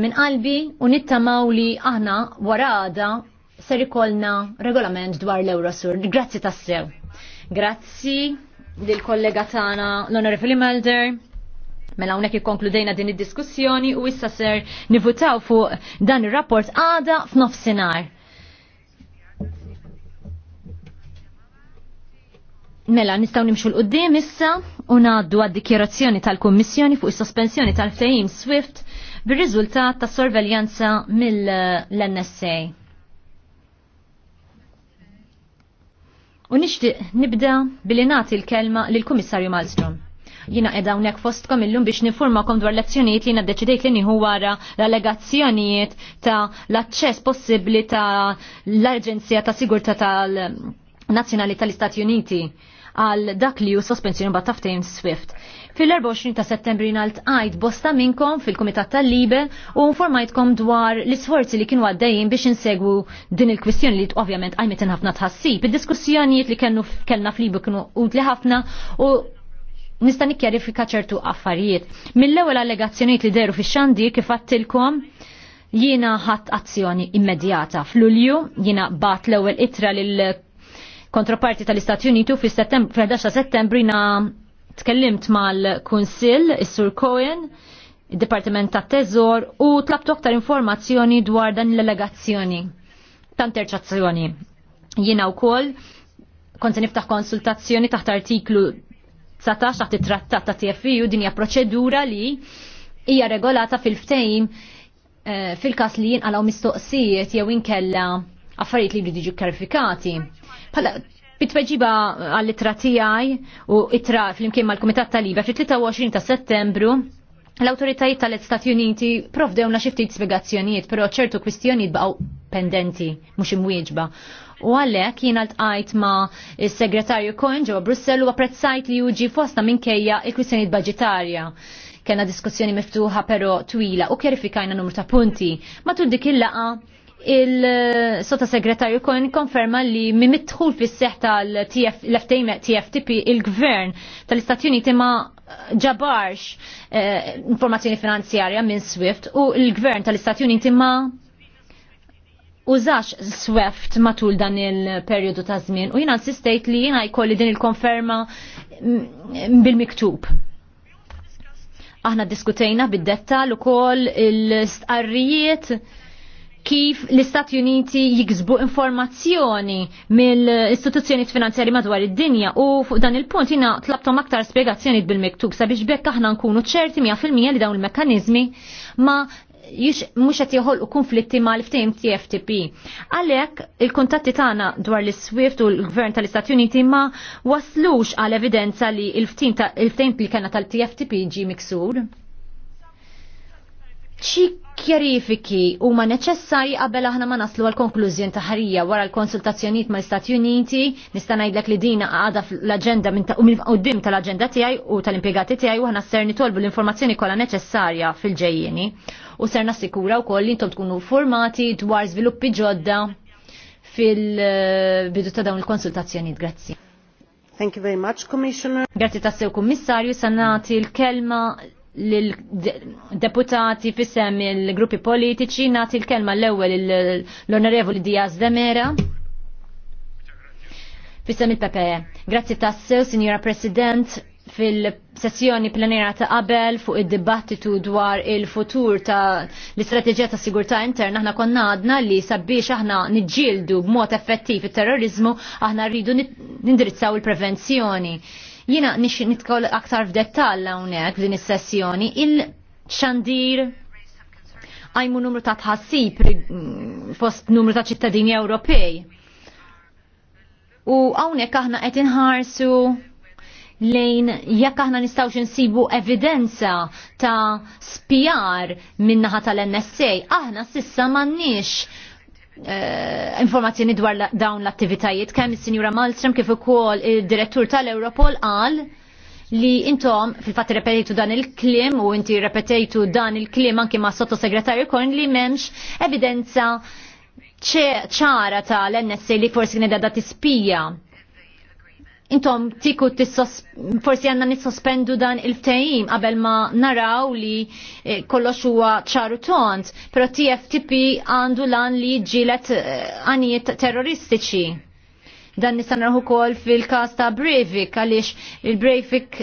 Min qalbi u nittamaw li aħna warada ser ikolna regolament dwar l-Eurosur. Grazzi tassew. Grazzi dil kollega tagħna l-Onorevoli Melder. Mela hawnhekk ikkonkludejna din id-diskussjoni u issa ser nivutaw fuq dan ir-rapport għada f'nofsinhar. Mela, nistaw nimxu l-qoddim issa u ngħaddu għad-dikjerazzjoni tal-Kummissjoni fuq is-sospensjoni tal-ftehim Swift bir-riżultat ta' sorveljanza mill-NSA. U nixtieq nibda billi nagħti l-kelma lill-Kummissarju Malmström jina edha unek fostkom illum biex nifurmakom dwar l-azzjonijiet li jina deċidejt li nieħu wara l-allegazzjonijiet ta' l-aċċess possibbli ta' l-Aġenzija ta' Sigurta tal-Nazzjonali tal-Istati Uniti għal dak li ju sospensjoni bat taftejn Swift. Fil-24 ta' settembri nalt għajt bosta minnkom fil-Komitat tal-Libe u informajtkom dwar l-sforzi li kienu għaddejjin biex insegwu din il-kwistjoni li ovvjament għajmet ħafna tħassib. Id-diskussjonijiet li kellna fil libe kienu utli ħafna u nista' nikkjarifika ċertu affarijiet. Mill-ewwel allegazzjonijiet li deru fix xandi kif għattilkom jiena ħadd azzjoni immedjata. F'Lulju jiena bat l-ewwel itra lil kontraparti tal-Istati Uniti u fil-11 settembru jina tkellimt mal-Kunsil, is-Sur Cohen, il-Dipartiment ta' Teżor u tlabtu aktar informazzjoni dwar dan l-allegazzjoni ta' interċazzjoni. Jina u kont se niftaħ konsultazzjoni taħt artiklu 19 taħt it-trattat ta' TFU dinja proċedura li hija regolata fil-ftejim eh, fil-kas li jinqalaw mistoqsijiet jew inkella affarijiet li jridu jiġu karifikati. Pala, Bitweġiba għall-itra tijaj u itra fl-imkien mal-Kumitat tal-Libja fil-23 ta' settembru l-autoritajiet tal-Istati Uniti na xiftit spiegazzjonijiet, pero ċertu kwistjonijiet baqaw pendenti, mux imwieġba. U għallek jien għalt ma il-segretarju Cohen ġewwa Brussell u apprezzajt li juġi fosta minkejja il-kwistjonijiet budgetarja. Kena diskussjoni miftuħa pero twila u kjerifikajna numru ta' punti. Matul dik il-laqa il-sottosegretarju kon konferma li mimitħul fis seħ tal-FTM TFTP il-gvern tal-Istati Uniti ma ġabarx eh, informazzjoni finanzjarja minn SWIFT u il-gvern tal-Istati Uniti ma użax SWIFT matul dan il-periodu ta' żmien u jina insistejt li jina jkolli din il-konferma bil-miktub. Aħna diskutejna bid detta l koll il istqarrijiet kif l-Istati Uniti jiksbu informazzjoni mill-istituzzjoni finanzjari madwar id-dinja u fuq dan il-punt jina tlabtom aktar spiegazzjoni bil-miktub sabiex bekk aħna nkunu ċerti 100% li dawn il-mekkanizmi ma mux għet u konflitti ma' l ftim TFTP. Għalek, il-kontatti tana dwar l-Swift u l-Gvern tal-Istati Uniti ma waslux għal evidenza li il ftim li kena tal-TFTP ġi miksur ċi kjerifiki huma neċessarji qabel aħna ma naslu għal konklużjon ta' ħarija wara l-konsultazzjonijiet mal istati Uniti, nista' ngħidlek li dina għadha fl-aġenda minn qudiem tal-aġenda tiegħi u tal-impjegati tiegħi u aħna ser nitolbu l-informazzjoni kollha neċessarja fil-ġejjieni u ser nassikura wkoll li intom tkunu formati dwar żviluppi ġodda fil-bidu ta' dawn il-konsultazzjonijiet. Grazzi. Thank you very much, Commissioner. Grazzi tassew, Kummissarju, sanati l-kelma l-deputati fissem il-gruppi politiċi nati l-kelma l-ewel l-onorevoli Diaz de Mera fissem il-PPE. Grazzi tassew, Signora President, fil-sessjoni plenera ta' qabel fuq id-dibattitu dwar il-futur ta' l-istrateġija ta' sigurtà interna aħna konna għadna li sabiex aħna niġġieldu b'mod effettiv it-terrorizmu aħna rridu nindirizzaw il-prevenzjoni. il prevenzjoni Jiena nix nitkoll aktar f'dettall hawnhekk din is-sessjoni il-xandir għajmu numru ta' tħassib mm, fost numru ta' ċittadini Ewropej. U hawnhekk aħna qed inħarsu lejn jekk aħna nistgħux insibu evidenza ta' spjar min-naħa tal-NSA, aħna sissa m'għandniex Eh, informazzjoni dwar dawn l-attivitajiet kemm is-Sinjura Malmström kif ukoll id-direttur tal-Europol qal li intom fil-fatt repetitu dan il-klim u inti repetitu dan il-klim anki ma' sottosegretarju kon li memx evidenza ċara ta' l-NSA li forsi gneda da tispija intom tiku forsi għanna nissospendu dan il-ftejim qabel ma naraw li eh, kollox huwa ċaru tont, pero TFTP għandu lan li ġilet eh, għanijiet terroristiċi. Dan nista' naraħu kol fil-kas ta' Breivik, għaliex il-Breivik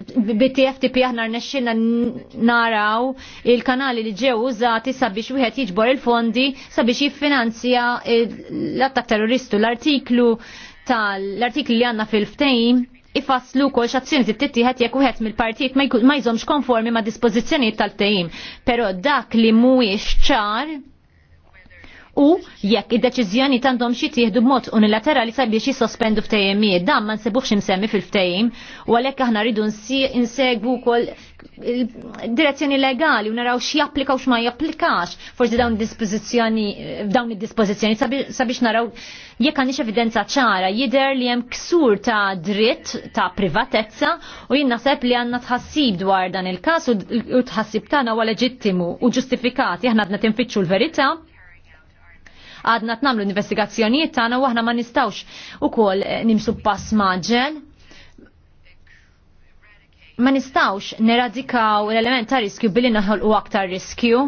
BTFTP aħna rnexxina naraw il-kanali li ġew użati sabiex wieħed jiġbor il-fondi sabiex jiffinanzja eh, l-attak terroristu l-artiklu tal-artikli li għanna fil-ftejn ifasslu kol xazzjoni t-tittieħed jekk wieħed mill partijiet ma jizomx konformi ma' dispożizzjonijiet tal-tejjim. Però dak li mhuwiex ċar u jekk id-deċiżjoni tandhom xi tieħdu b'mod unilaterali sabiex jissospendu ftejjemijiet dan ma nsibuhx imsemmi fil-ftejjim u għalhekk aħna rridu nsegwu wkoll direzzjoni legali u naraw x'japplika u x'ma japplikax forsi dawn dispożizzjoni dawn id-dispożizzjoni sabiex naraw jekk għandix evidenza ċara jidher li hemm ksur ta' dritt ta' privatezza u jien naħseb li għandna tħassib dwar dan il-każ u tħassib tagħna wa leġittimu u ġustifikati aħna qed tinfittxu l-verità għadna tnamlu investigazzjonijiet tagħna u aħna ma u ukoll eh, nimsu pass Maġen. Ma nistawx neradikaw l-element ta' riskju billi naħolqu aktar riskju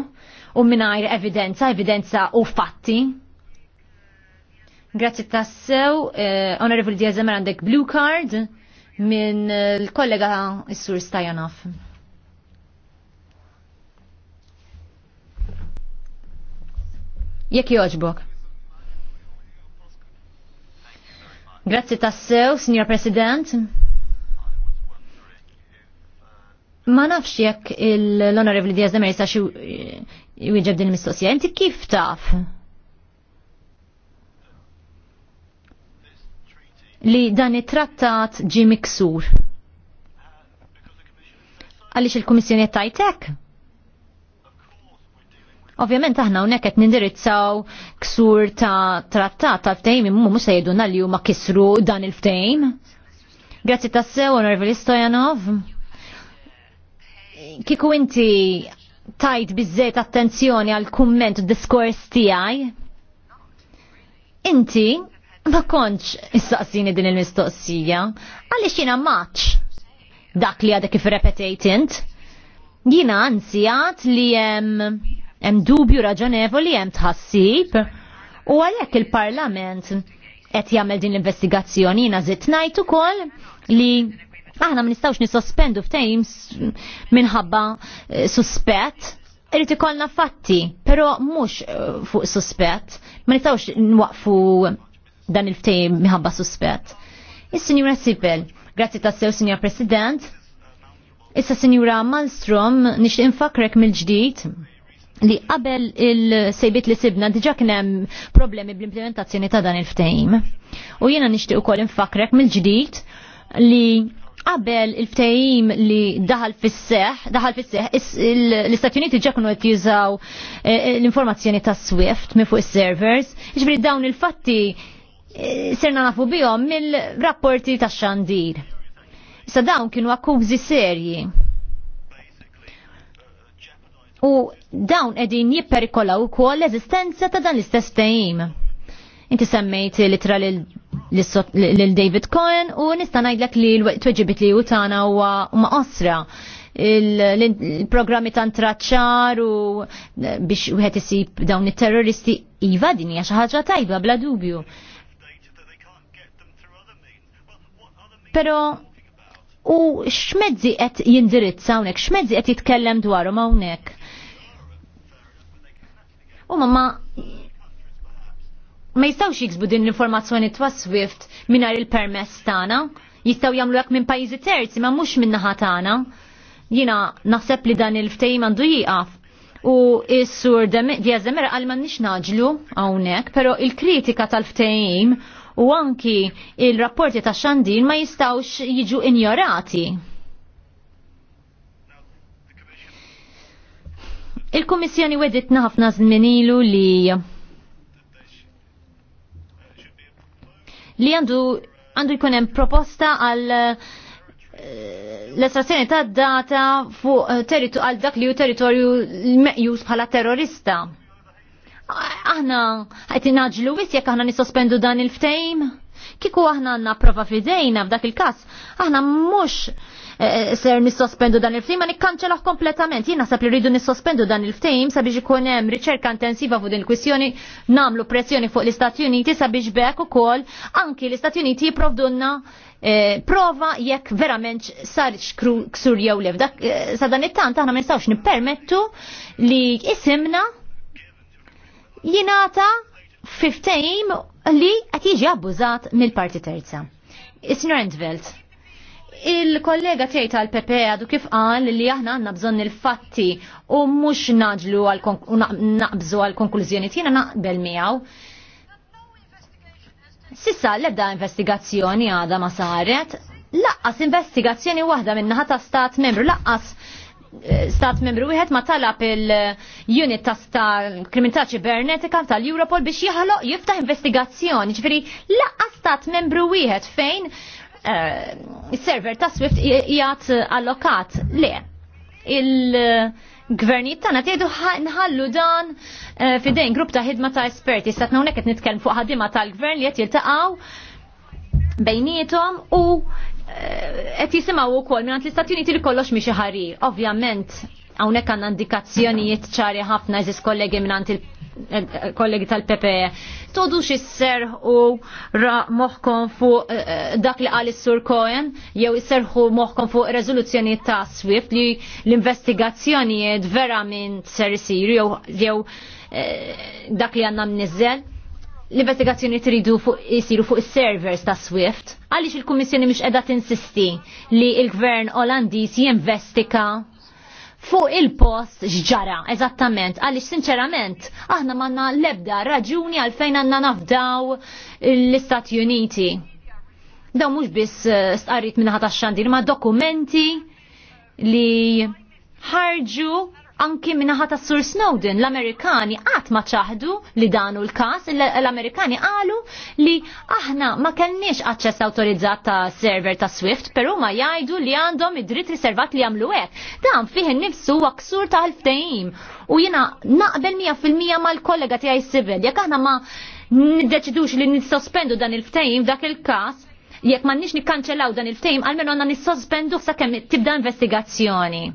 u mingħajr evidenza, evidenza u fatti. Grazzi tassew, eh, Honorable Diaz għandek blue card minn eh, l-kollega Issur sur Stajanov. Jekk joġbok. Grazzi tassew, Signor President. Ma nafx jekk l-Honorable Diaz de Merisa xi jwieġeb din il-mistoqsija. Inti kif taf? Li dan it-trattat ġi miksur. Għaliex il-Kummissjoni tajtek? Ovvjament aħna hawnhekk qed nindirizzaw ksur ta' trattat tal ftejm imma mhux se jgħiduna li huma kisru dan il ftejm Grazzi tassew, onorevoli Stojanov. Kiku inti tajt biżżejt attenzjoni għal kumment u diskors tiegħi? Inti ma kontx issaqsini din il-mistoqsija, għaliex jiena maċ dak li għadek kif repetejt int. Jina anzi li jem Hemm dubju raġonevoli hemm tħassib u għalhekk il-Parlament qed jagħmel din l-investigazzjoni jiena żitt ngħid ukoll li aħna ma nistgħux nisospendu ftehim minħabba eh, suspett irrit ikollna fatti, pero mhux eh, fuq suspett, ma nistgħux nwaqfu dan il-ftehim minħabba suspett. Is-Sinjura Sipel, grazzi tassew Sinjura President. Issa Sinjura Malmstrom nix infakrek mill-ġdid li qabel il-sejbit li sibna diġa kienem problemi bl-implementazzjoni ta' dan il ftejm U jiena nixtieq ukoll infakrek mill-ġdid li qabel il ftejm li daħal fis-seħ, daħal fis-seħ, l-Istati Uniti ġa kienu qed jużaw eh, eh, l-informazzjoni ta' Swift minn fuq is-servers, jiġri dawn il-fatti eh, serna nafu bihom mill-rapporti ta' xandir. Sa dawn kienu akkużi serji u dawn edin jipperikolaw kol l ezistenza ta' dan l-istess fejim. Inti semmejt litra lil David Cohen u nista' ngħidlek li l-tweġibit li u tagħna huwa ma' osra il-programmi ta' traċċar u eh, biex wieħed isib dawn it-terroristi iva din hija xi ħaġa tajba bla dubju. Però u x'mezzi qed jindirizza hawnhekk, x'mezzi qed jitkellem dwarhom hawnhekk u ma ma jistawx jiksbu din l-informazzjoni twa Swift minar il-permess tana, jistaw jamlu jak minn pajizi terzi ma mux minna naħa tana. Jina naħseb li dan il-ftejim għandu jiqaf. U s-sur Diaz Demir għal ma nix naġlu għawnek, pero il-kritika tal-ftejim u anki il-rapporti ta' xandin ma jistawx jiġu injorati. Il-Kummissjoni weditna ħafna zminilu li li għandu għandu jkun hemm proposta għal eh, l-estrazzjoni ta' data fuq eh, territu għal dak li ju territorju meqjus bħala terrorista. Aħna qed naġlu wis jekk aħna nisospendu dan il-ftejm? Kiku aħna għandna prova fidejna f'dak il-każ, aħna mhux Eh, eh, ser nissospendu dan il ftim ma nikkanċeloh kompletament. Jina naħseb li rridu nissospendu dan il ftim sabiex ikun hemm riċerka intensiva fuq din kwistjoni nagħmlu pressjoni fuq l-Istati Uniti sabiex bekk ukoll anki l-Istati Uniti jipprovdunna eh, prova jekk verament sar ksur jew lev. Dak sa dan it-tant aħna ma nistgħux nippermettu li isimna jingħata fiftejm li qed jiġi abbużat mill-parti terza. Is-Sinjor Il-kollega tiegħi tal-PP e għadu kif qal li aħna għandna bżonn il-fatti u mhux naġlu għal naqbżu għal konklużjoni tiena naqbel miegħu. Sissa l-ebda investigazzjoni għada ma saret, laqqas investigazzjoni waħda minnaħa ta' stat membru, laqqas eh, stat membru wieħed ma talab il-unit ta' sta kriminalità ċibernetika tal-Europol biex jaħloq jiftaħ investigazzjoni. Ġifieri laqqas stat membru wieħed fejn Eh, server ta' Swift jgħat allokat. Le, il-gvernijiet tagħna tgħidu nħallu dan eh, fidejn grupp ta' ħidma ta' esperti. Satna hawnhekk qed nitkellem fuq ħaddiema tal-gvern li qed jiltaqgħu bejnietom u eh, qed jisimgħu wkoll minn l-Istati Uniti li kollox xi ħari. Ovvjament hawnhekk għandna indikazzjonijiet ċari ħafna eżis kollegi minn il kollegi tal-PPE. Todu xisser u moħkom fuq eh, eh, dak li għal sur Cohen, jew isserħu moħkom fuq rezoluzzjoni ta' Swift li l-investigazzjonijiet vera minn ser isiru jew eh, dak li għanna mnizzel l-investigazzjoni tridu fuq jisiru fuq is-servers ta' Swift, għaliex il-Kummissjoni mhux qiegħda tinsisti li l-Gvern Olandiż jinvestiga fuq il-post xġara, eżattament, għalix sinċerament, aħna manna lebda raġuni għalfejn għanna nafdaw l-Istati Uniti. Daw mux biss eh, stqarrit minna ħata xandir, ma dokumenti li ħarġu anki minnaħat ta' Sur Snowden, l-Amerikani għat ma ċaħdu li danu l-kas, l-Amerikani għalu li aħna ma kellniex aċċess autorizzat ta' server ta' Swift, pero ma jajdu li għandhom id-dritt riservat li għamlu hekk. Dan fih nifsu huwa ksur ta' ftehim u jiena naqbel 100% mal-kollega tiegħi Sibel, jekk aħna ma niddeċidux li nissospendu dan il-ftehim f'dak il-każ, jekk ma nix nikkanċellaw dan il-ftehim, għalmenu għanna nissospendu sa' kemm tibda investigazzjoni.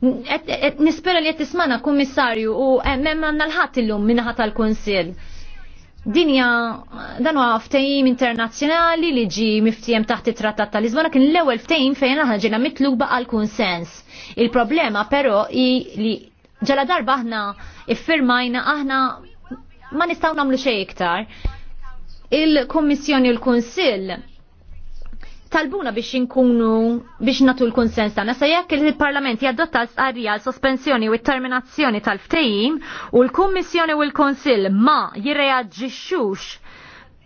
Nispera li qed kummissarju u hemm eh, għandna l-ħadd illum minnaħa tal konsil Dinja dan huwa ftejim internazzjonali li ġi miftiem taħt it-Trattat tal Lisbona kien l-ewwel ftehim fejn aħna ġejna mitluba għal kunsens. Il-problema però hi li ġala darba aħna iffirmajna aħna ma nistgħu nagħmlu xejn iktar. Il-Kummissjoni u l-Kunsill talbuna biex inkunu biex natu l-konsens tagħna se jekk il-Parlament jadotta l-sqarrija l-sospensjoni u t-terminazzjoni tal-ftehim u l-Kummissjoni u l-Konsill ma jirreaġixxux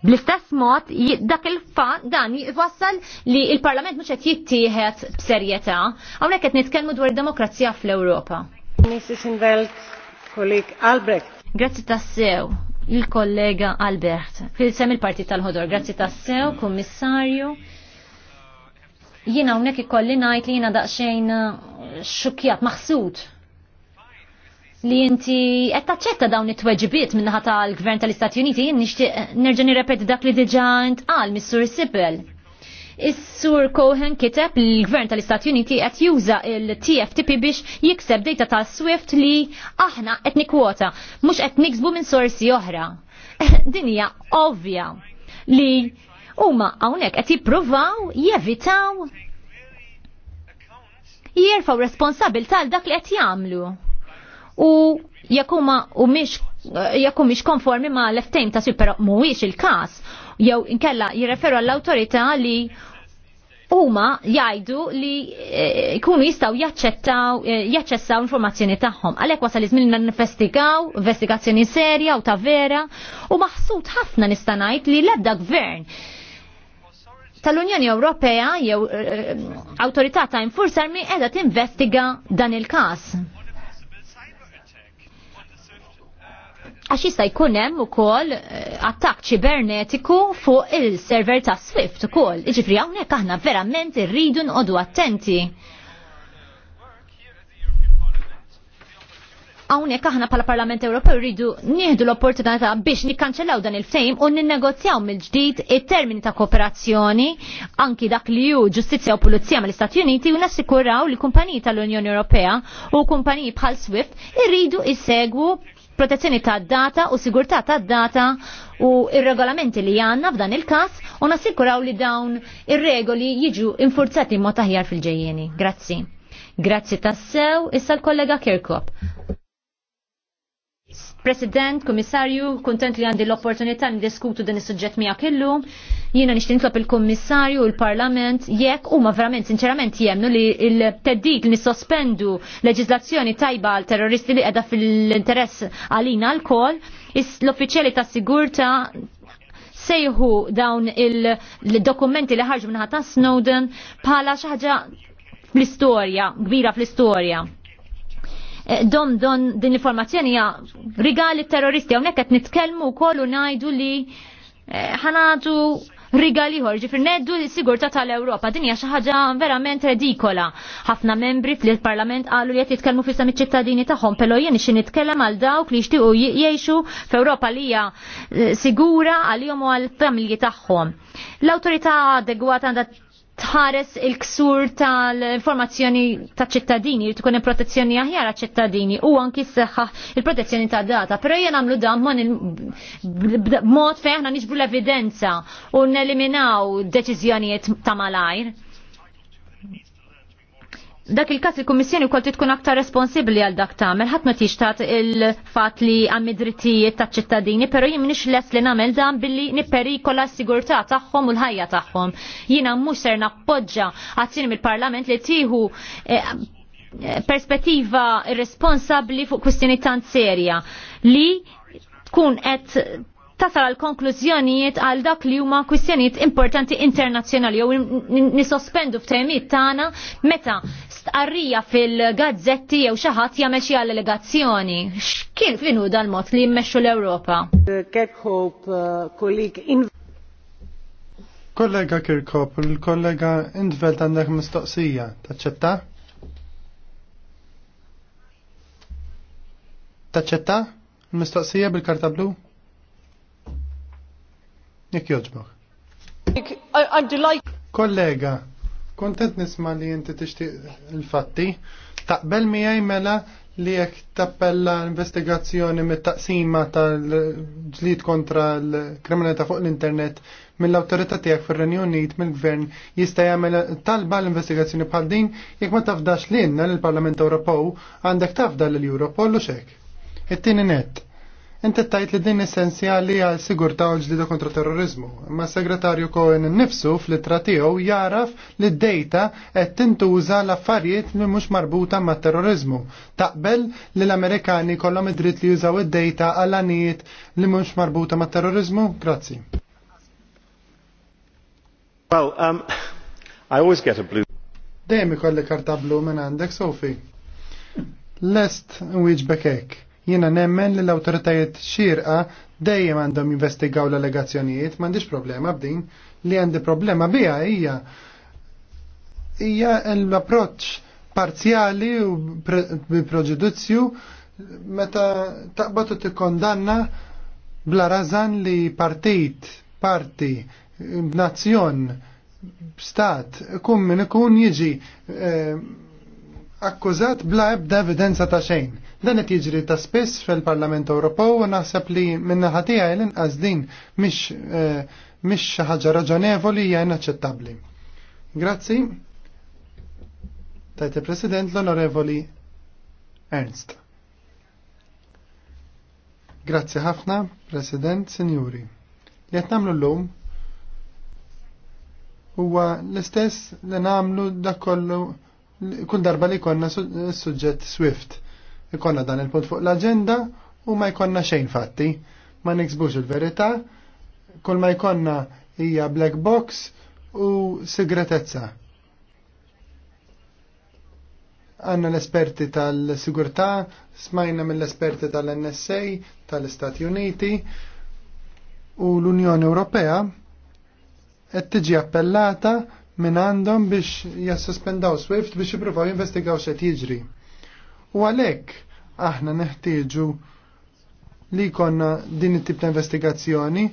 bl-istess mod dak il-fa dan jwassal li il-Parlament mhux qed jittieħed b'serjetà hawnhekk qed nitkellmu dwar demokrazija fl-Ewropa. Mrs. Invelt, kolleg Albrecht. Grazzi tassew il-kollega Albert. Fil-sem il-partit tal-ħodor. Grazzi tassew, kummissarju jina hawnhekk ikolli ngħid li jiena daqsxejn eh, xukjat maħsud li inti qed taċċetta dawn it-tweġibiet minnaħa tal-Gvern tal-Istati Uniti jien nixtieq eh, nerġa' nirrepet dak li diġà għal mis-Sur Sibel. Is-Sur Cohen kiteb l-Gvern tal-Istati Uniti qed juża il-TFTP biex jikseb data ta' Swift li aħna qed nikwota, mhux qed niksbu minn sorsi oħra. Din hija ovvja li huma hawnhekk qed jippruvaw jevitaw jirfaw responsabil tal dak li qed jagħmlu. U jekk u mhix jekk mhix konformi ma' leftejn ta' super mhuwiex il-każ, jew inkella jirreferu għall-awtorità li huma jgħidu li eh, jkunu jistgħu jaċċettaw eh, jaċċessaw informazzjoni tagħhom. Għalhekk wasal iż ninvestigaw investigazzjoni serja u ta' vera u maħsud ħafna nista' ngħid li l-ebda gvern tal-Unjoni Ewropea jew eh, awtorità ta' infurzar mi qiegħda tinvestiga dan il-każ. Għax jista' jkun hemm ukoll eh, attakk ċibernetiku fuq il-server ta' Swift ukoll. Jiġifieri hawnhekk aħna verament irridu nqogħdu attenti. hawnhekk aħna bħala Parlament Ewropew rridu nieħdu l-opportunità biex nikkanċellaw dan il-fejm u ninnegozjaw mill-ġdid it-termini ta' kooperazzjoni anki dak li hu ġustizzja u pulizija mill-Istati Uniti u nassikuraw li kumpaniji tal-Unjoni Ewropea u kumpaniji bħal Swift irridu jissegwu protezzjoni ta' data u sigurtà ta' data u ir-regolamenti li għanna f'dan il-kas u nassikuraw li dawn ir-regoli jiġu infurzati mod aħjar fil-ġejjeni. Grazzi. Grazzi tassew, issa l-kollega Kirkop. President, Komissarju, kontent li għandi l-opportunità n-diskutu din is-suġġett miegħek illum. Jiena nixtieq nitlob il-Kummissarju u l-Parlament jekk huma verament sinċerament jemnu li l-teddit li nissospendu leġiżlazzjoni tajba għal terroristi li qiegħda fil-interess għalina l-kol, l offiċjali tas-sigurta sejħu dawn il-dokumenti li ħarġu ta' Snowden bħala xi ħaġa fl-istorja, kbira fl-istorja. Eh, don don din informazzjoni hija rigali terroristi hawnhekk qed nitkellmu wkoll u ngħidu li eh, ħanatu rigali ħor, fir neddu sigurta tal-Ewropa. Din hija xi ħaġa verament redikola. Ħafna membri fil-Parlament qalu li qed jitkellmu fisam iċ-ċittadini tagħhom, però jien ixi nitkellem għal dawk li jixtiequ jgħixu f'Ewropa li hija eh, sigura għalihom u għall-familji tagħhom. L-awtorità adegwata għandha tħares il-ksur tal-informazzjoni ta' ċittadini, li tkun protezzjoni aħjar għal ċittadini u anki seħħa il-protezzjoni ta' data. Però jena għamlu dan mod fejn aħna niġbu l-evidenza u neliminaw deċiżjonijiet ta' malajr dak il-kas il-Kommissjoni wkoll titkun aktar responsibbli għal dak tagħmel ħadd ma tixtat il-fatt li għammi drittijiet ta' ċittadini però jien m'iniex les li nagħmel dan billi nipperikola s-sigurtà tagħhom u l-ħajja tagħhom. Jiena mhux ser nappoġġa azzjoni mill-Parlament li tieħu eh, perspettiva irresponsabbli fuq kustjoni tant serja li tkun qed tasal għal konklużjonijiet għal dak li huma kwistjonijiet importanti internazzjonali jew nisospendu f'temijiet tagħna meta arrija fil-gazzetti jew xi ħadd jagħmel xi allegazzjoni. X'kien finu dal-mod li jmexxu l-Ewropa? Uh, Kollega Kirkop, il-kollega Indveld għandek mistoqsija, taċċetta? Taċċetta? Mistoqsija bil-karta blu? Jek joġbok. Kollega, Kontent nisma li jinti tixtieq il-fatti, taqbel mi mela li jekk tappella investigazzjoni mit-taqsima tal-ġlid kontra l-kriminalità fuq l-internet mill-awtorità tiegħek fir-Renju Unit mill-Gvern jista' jagħmel talba l-investigazzjoni bħal din jekk ma tafdax lilna lill-Parlament Ewropew għandek tafda lill-Europol u xek. It-tieni net Inti tajt li din essenzjali għal sigurta u ġdida kontra terrorizmu. Ma segretarju Cohen nifsu fl-ittra tiegħu jaraf li d-dejta qed tintuża l-affarijiet li mhux marbuta ma' terrorizmu. Taqbel li l-Amerikani kollhom id-dritt li jużaw id-dejta għal anijiet li mhux marbuta ma' terrorizmu? Grazzi. Well, um, I always get a blue. Dejjem ikolli karta blu minn għandek, Sophie. Lest wieġbek hekk Jiena nemmen li l-awtoritajiet xirqa dejjem għandhom investigaw l-allegazzjonijiet, m'għandix problema b'din li għandi problema biha hija hija l-approċċ parzjali u proġudizzju meta taqbad u tikkondanna bla razan li partit, parti, nazzjon, stat, kun min ikun jiġi eh, akkużat bla ebda evidenza ta' xejn. Dan qed jiġri ta' spiss fil-Parlament Ewropew u naħseb li minnaħa tiegħi l-inqas din mhix eh, mhix xi ħaġa raġonevoli hija inaċċettabbli. Grazzi. il President l-Onorevoli Ernst. Grazzi ħafna, President, Sinjuri. Li qed nagħmlu llum huwa l-istess li nagħmlu dak kollu kun darba li konna suġġett Swift. Ikonna dan il-punt fuq l-agenda u ma jkonna xejn fatti. Ma niksbux il-verità, kull ma jkonna hija black box u segretezza. Għanna l-esperti tal-sigurtà, smajna mill-esperti tal-NSA, tal-Istati Uniti u l-Unjoni Ewropea qed tiġi appellata minn għandhom biex jassospendaw Swift biex jippruvaw jinvestigaw xe jiġri. U għalhekk aħna neħtieġu li konna din it-tip ta' investigazzjoni.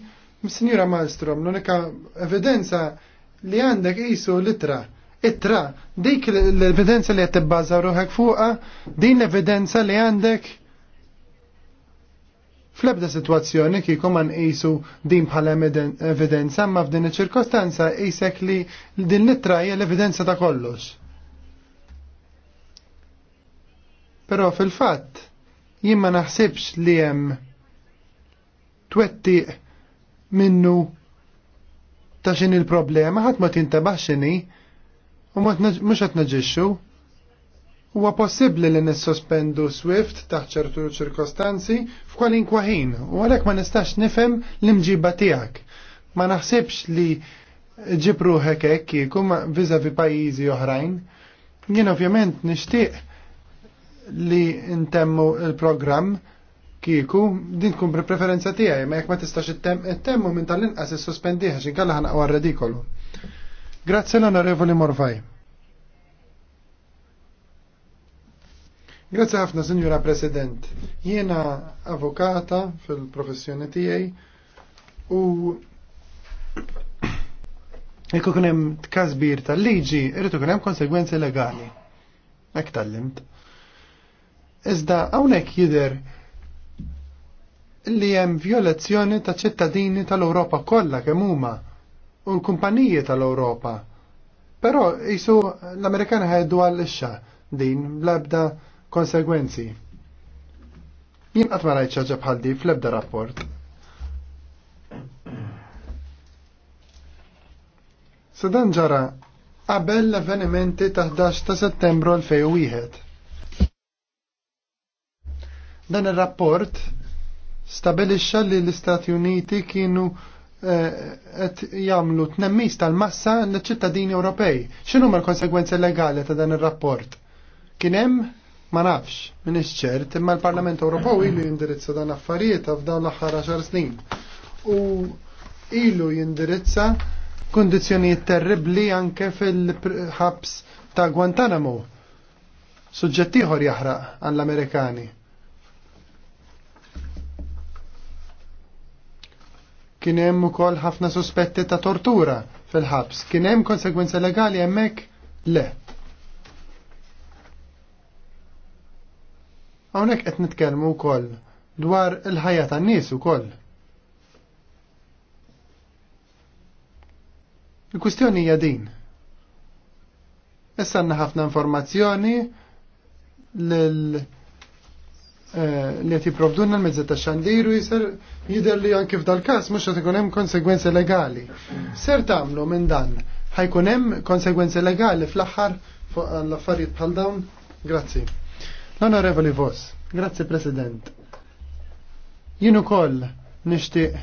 Sinjura Malmstrom, l-unika evidenza li għandek jisu litra. Itra, dik l-evidenza li għed ruħek fuqa, din l-evidenza li għandek Fl-ebda situazzjoni kieku ma nqisu din bħala evidenza ma f'din ċirkostanza qisek li din l-ittra l-evidenza ta' kollox. Però fil-fatt jien ma naħsibx li hemm twettiq minnu ta' xin il-problema ħadd ma tintabax xini u mhux qed naġixxu. Huwa possibbli li nissospendu Swift taħt ċertu ċirkostanzi f'kwalinkwa ħin u għalhekk ma nistax nifhem l-imġiba tiegħek. Ma naħsibx li ġibru hekk kieku viża fi pajjiżi oħrajn. Jien ovvjament nixtieq li ntemmu il-programm kieku din tkun preferenza tiegħi ma jekk ma tistax ittemmu minn tal-inqas issospendiħ x'inkalla ħanaqwa redikolu. Grazzi l-Onorevoli Morvaj. Grazie ħafna, Signora President. Jiena avukata fil-professjoni tiegħi u jekk ikun hemm tkasbir tal-liġi, irid ikun hemm konsegwenzi legali. Hekk tallimt. Iżda hawnhekk jidher li hemm violazzjoni ta' ċittadini tal-Ewropa kollha kemm huma u l-kumpaniji tal-Ewropa. Però jisu l-Amerikani ħajdu għal ixxa din bl-ebda konsegwenzi. Jien qatt ma rajt xi bħal di fl-ebda rapport. Sedan ġara qabel l-avvenimenti ta' 11 ta' settembru 2001. Dan ir-rapport stabilixxa li l-Istati Uniti kienu eh, qed jagħmlu tnemmis tal-massa l-ċittadini Ewropej. X'inhuma l-konsegwenzi legali ta' dan ir-rapport? Kien hemm Ma nafx, minix ċert, imma l-Parlament Ewropew ilu jindirizza dan affarijiet f'dawn l-aħħar 10 snin. U ilu jindirizza kondizjonijiet terribli anke fil-ħabs ta' Guantanamo. Suġġett ieħor jaħraq għall amerikani Kien hemm ukoll ħafna sospetti ta' tortura fil-ħabs. Kien hemm konsegwenza legali hemmhekk? Le. Hawnhekk qed nitkellmu wkoll dwar il-ħajja tan-nies ukoll. Il-kwistjoni hija din. Issa għandna ħafna informazzjoni lil eh, li qed provdunna l mezzet ta' xandiru jisir jider li anki f'dal-kas mux ikun hemm konsegwenzi legali. Ser tamlu minn dan, ħajkunem konsegwenzi legali fl aħħar fuq l-affarijiet bħal dawn? Grazzi. L-Onorevoli Vos, grazzi President. Jien ukoll nixtieq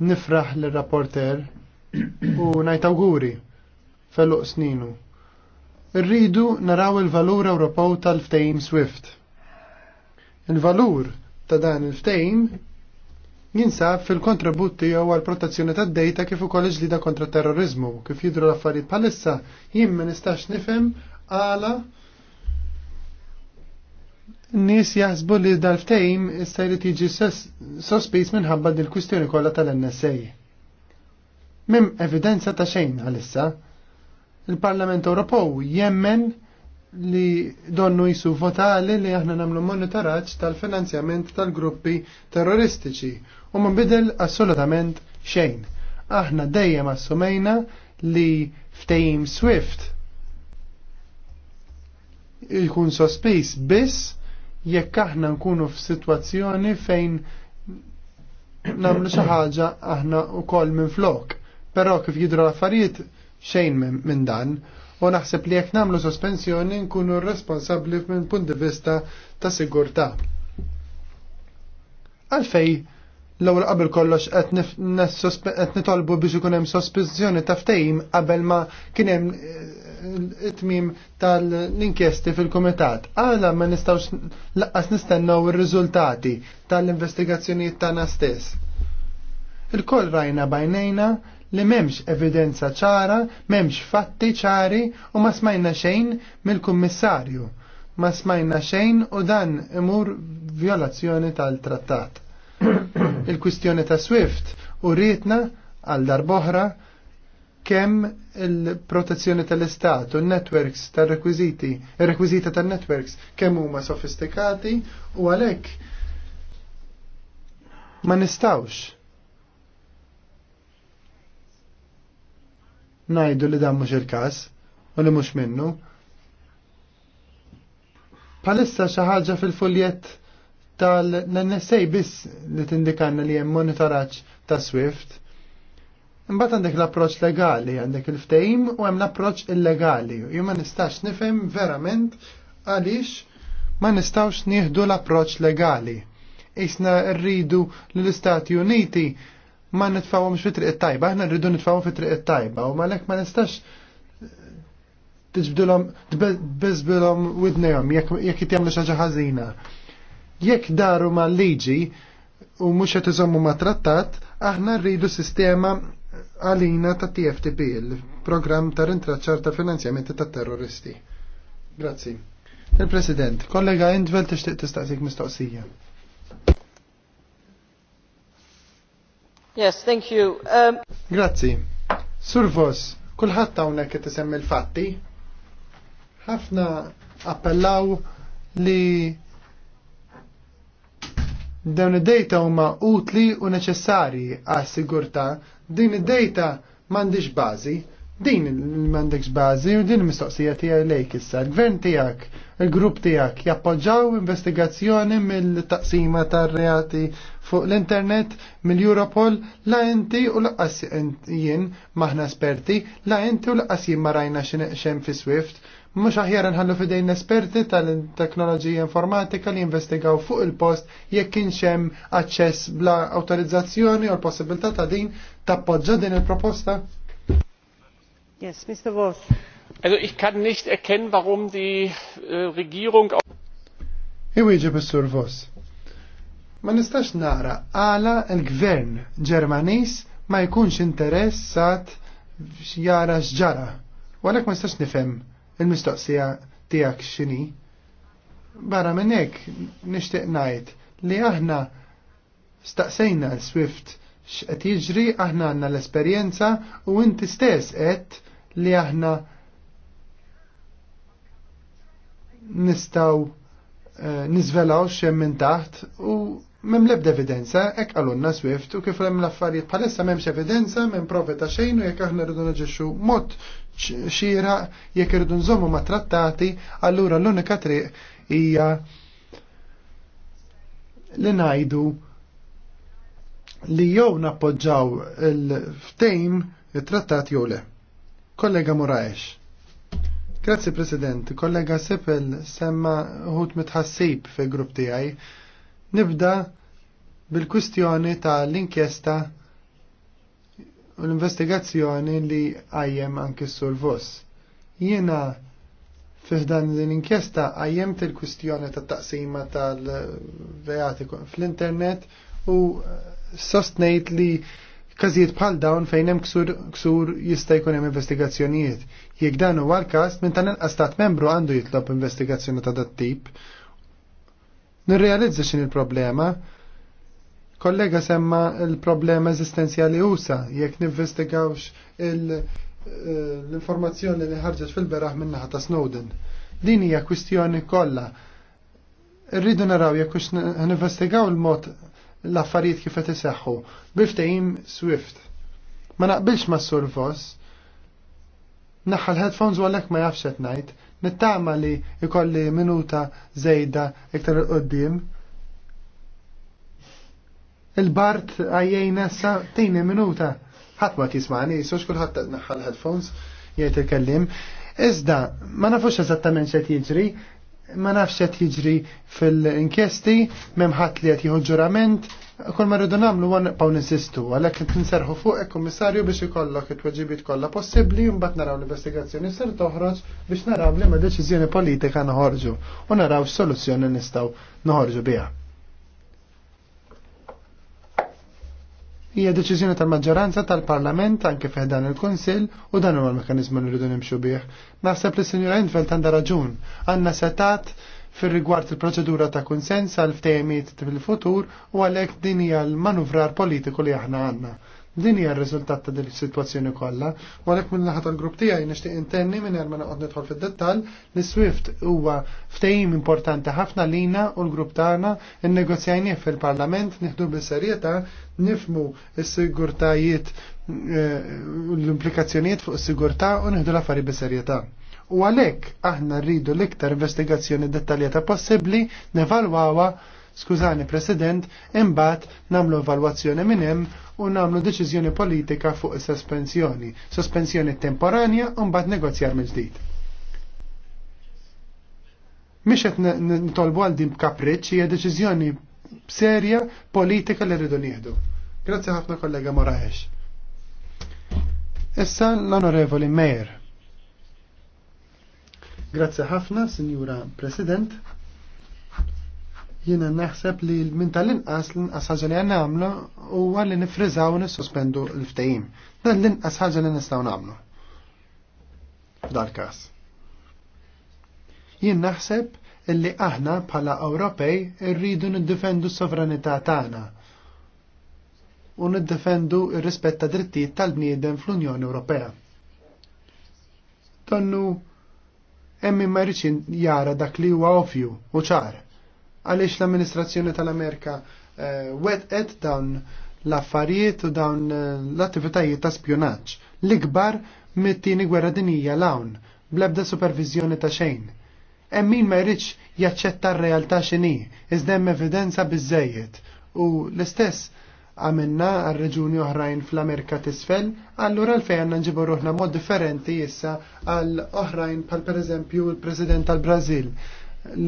nifraħ l-rapporter u ngħid awguri felluq sninu. Irridu naraw il-valur Ewropew tal-ftehim Swift. Il-valur ta' dan il ftejm jinsab fil-kontribut tiegħu għal protezzjoni tad-dejta kif ukoll ġlida kontra terrorizmu kif jidru l-affarijiet bħalissa jien ma nistax nifhem għala Nis jaħsbu li dal-ftejm jrid jiġi sospis minħabba dil kwistjoni kollha tal-NSA. Mim evidenza ta' xejn għalissa, il-Parlament Ewropew jemmen li donnu jisu votali li aħna namlu monitoraġġ tal-finanzjament tal-gruppi terroristiċi u ma bidel assolutament xejn. Aħna dejjem assumejna li ftejim Swift ikun sospis biss jekk aħna nkunu f'sitwazzjoni fejn nagħmlu xi ħaġa aħna wkoll minn flok. Però kif jidru l-affarijiet xejn minn dan u naħseb li jekk nagħmlu sospensjoni nkunu responsabbli minn punt di vista ta' sigurtà. Għalfej l-ewwel qabel kollox qed nitolbu biex ikun hemm sospizzjoni ta' ftehim qabel ma kien hemm eh, it-tmim tal-inkjesti fil-kumitat. Għala ma nistgħux laqqas nistennew ir-riżultati tal-investigazzjonijiet tagħna stess. Il-koll rajna bajnejna li memx evidenza ċara, memx fatti ċari u ma smajna xejn mill-kummissarju. Ma smajna xejn u dan imur violazzjoni tal-trattat. Il-kwistjoni ta' Swift u rritna għal darboħra kemm il-protezzjoni tal-istat u networks tal-rekwiziti, il-rekwizita tal-networks kemm huma sofistikati u għalhekk ma nistawx najdu li dan mhux il-każ u li mhux minnu. Palissa xi ħaġa fil-fuljett tal nessej biss li tindikanna li hemm monitoraġġ ta' Swift. Imbagħad għandek l-approċċ legali, għandek il-ftehim u hemm l-approċċ illegali. Jew ma nistax nifhem verament għaliex ma nistax nieħdu l-approċċ legali. Isna rridu l-Istati Uniti ma nitfawhomx fi triq tajba, aħna rridu nitfawhom fi triq tajba u malek ma nistax tiġbdilhom tbeżbilhom widnejhom jekk jitjamlu xi ħażina. Jekk daru ma' liġi u mhux qed iżommu ma' trattat, aħna rridu sistema għalina ta' TFTP, il-programm ta' rintraċċar ta' finanzjamenti ta' terroristi. Grazzi. Il-President, kollega Indvel tixtieq tistaqsik mistoqsija. Yes, thank you. Um... Grazzi. Survos, Vos, kulħadd hawnhekk qed isemmi l-fatti. Ħafna appellaw li Dawn id-dejta huma utli u neċessarji għas sigurtà din id-dejta m'għandix bażi, din m'għandix bażi u din mistoqsija tiegħi lejk issa. Il-gvern tiegħek, il-grupp tiegħek jappoġġaw investigazzjoni mill-taqsima tar-reati fuq l-internet mill-Europol la inti u laqas jien maħna esperti, la inti u laqas jien ma rajna xem fi Swift Mux aħjar nħallu fidejn esperti tal-teknoloġija informatika li investigaw fuq il-post jekk kienx hemm aċċess bla autorizzazzjoni u l-possibilità ta' din tappoġġa din il-proposta? Yes, Mr. Voss. Also ich kann nicht erkennen, warum die uh, Regierung Iwiġi is-Sur Voss. Ma nistax nara għala l-gvern Ġermanis ma jkunx interessat x'jara x'ġara. Walek ma nistax nifhem il-mistoqsija tiegħek x'inhi. Barra minn hekk nixtieq ngħid li aħna staqsejna l-Swift x'qed jiġri aħna għandna l-esperjenza u inti stess qed li aħna nistaw eh, niżvelaw xem minn taħt u l-ebda evidenza, ek għalunna Swift u kif hemm l-affarijiet bħalissa m'hemmx evidenza, m'hemm provi ta' xejn u jekk aħna rridu naġixxu mod xira jekk irridu nżommu ma' trattati, allura l-unika triq hija li ngħidu li jew nappoġġaw il-ftejm it-trattat jew le. Kollega Murajx. Grazzi President, kollega sepel semma ħut mitħassib fil grupp tiegħi. Nibda bil-kwistjoni tal inkjesta l-investigazzjoni li għajjem anki sur vos. Jiena fiħdan din inkjesta għajjem til-kwistjoni ta' taqsima tal-reati fl-internet u eh, sostnejt li Każijiet bħal dawn fejn hemm ksur, ksur jista' jkun hemm investigazzjonijiet. Jekk dan huwa l-każ, minn tan stat membru għandu jitlob investigazzjoni ta' dat tip. Nirrealizza x'in il-problema, Kollega semma l-problema eżistenzjali usa jekk nivvestigawx eh, l-informazzjoni li ħarġet fil-beraħ minnaħa ta' Snowden. Din hija kwistjoni kollha. Rridu naraw jekk nivvestigaw il-mod l-affarijiet kif qed iseħħu Biftejim Swift. Ma naqbilx ma' Sur Voss. Naħħa l-headphones għalhekk ma jafx qed ngħid, nittama li ikolli minuta żejda iktar il-qoddim. Il-Bart għajjejna nessa tejni minuta. Ħadd ma tismani, so xkulħadd naħħal headphones jgħid il-kellim. Iżda, ma nafux eżattament x'et jiġri, ma nafx qed jiġri fil-inkjesti, memħat li qed jieħu ġurament, kull ma rridu nagħmlu huwa nibqgħu ninsistu, għalhekk tinserħu fuq il-kummissarju biex ikollok it-tweġibiet kollha possibbli u mbagħad naraw l-investigazzjoni ser toħroġ biex naraw li ma deċiżjoni politika noħorġu u naraw x'soluzzjoni nistgħu noħorġu biha. hija deċiżjoni tal-maġġoranza tal-Parlament anke fih dan il-Kunsill u dan huwa l-mekkaniżmu li rridu nimxu bih. Naħseb li Sinjura Enfeld għandha raġun. Għandna setat fir-rigward il-proċedura ta' konsens għal ftehimiet fil-futur u għalhekk din hija l-manuvrar politiku li aħna għandna. Din hija r-riżultat ta' din is-sitwazzjoni kollha, u għalhekk minn naħat tal-grupp tiegħi nixtieq intenni minn ma noqgħod nidħol fid-dettall li Swift huwa ftehim importanti ħafna lina u l-grupp tagħna innegozjajnieh fil-Parlament nieħdu bis-serjetà nifmu s-sigurtajiet eh, l-implikazzjonijiet fuq s-sigurta u nħdu l-affari b-serjeta. U għalhekk aħna rridu l-iktar investigazzjoni dettaljata possibbli nevalwawa skużani President, imbagħad nagħmlu evalwazzjoni minn hemm u nagħmlu deċiżjoni politika fuq is-sospensjoni, sospensjoni temporanja u mbagħad negozjar mill-ġdid. Mhix qed nitolbu għal din b'kapriċċ hija deċiżjoni serja politika li rridu nieħdu. Grazzi ħafna kollega Morahex. Issa l-Onorevoli Mayor. Grazzi ħafna, Sinjura President. Jiena naħseb li minn tal-inqas l-inqas ħaġa li għanna għamlu huwa li nifriżaw nissospendu l-ftehim. Dan l-inqas ħaġa li nistgħu nagħmlu. dal każ. Jien naħseb illi aħna bħala Ewropej rridu niddifendu s-sovranità tagħna u niddefendu ir-rispett ta' drittijiet tal-bniedem fl-Unjoni Ewropea. Tonnu hemm ma jridx jara dak li huwa ovvju u ċar għaliex l-amministrazzjoni tal-Amerika uh, wetqet dawn l-affarijiet u dawn eh, l-attivitajiet ta' spjonaġġ l-ikbar mit-tieni gwerra dinija l-hawn bl-ebda supervizjoni ta' xejn hemm min ma jridx jaċċetta r-realtà x'inhi, iżda hemm evidenza bizzejiet. u l-istess għamilna għal reġuni oħrajn fl-Amerika tisfel, għallura l fejn għanna nġibu ruħna mod differenti jissa għal oħrajn pal per eżempju l-President tal-Brazil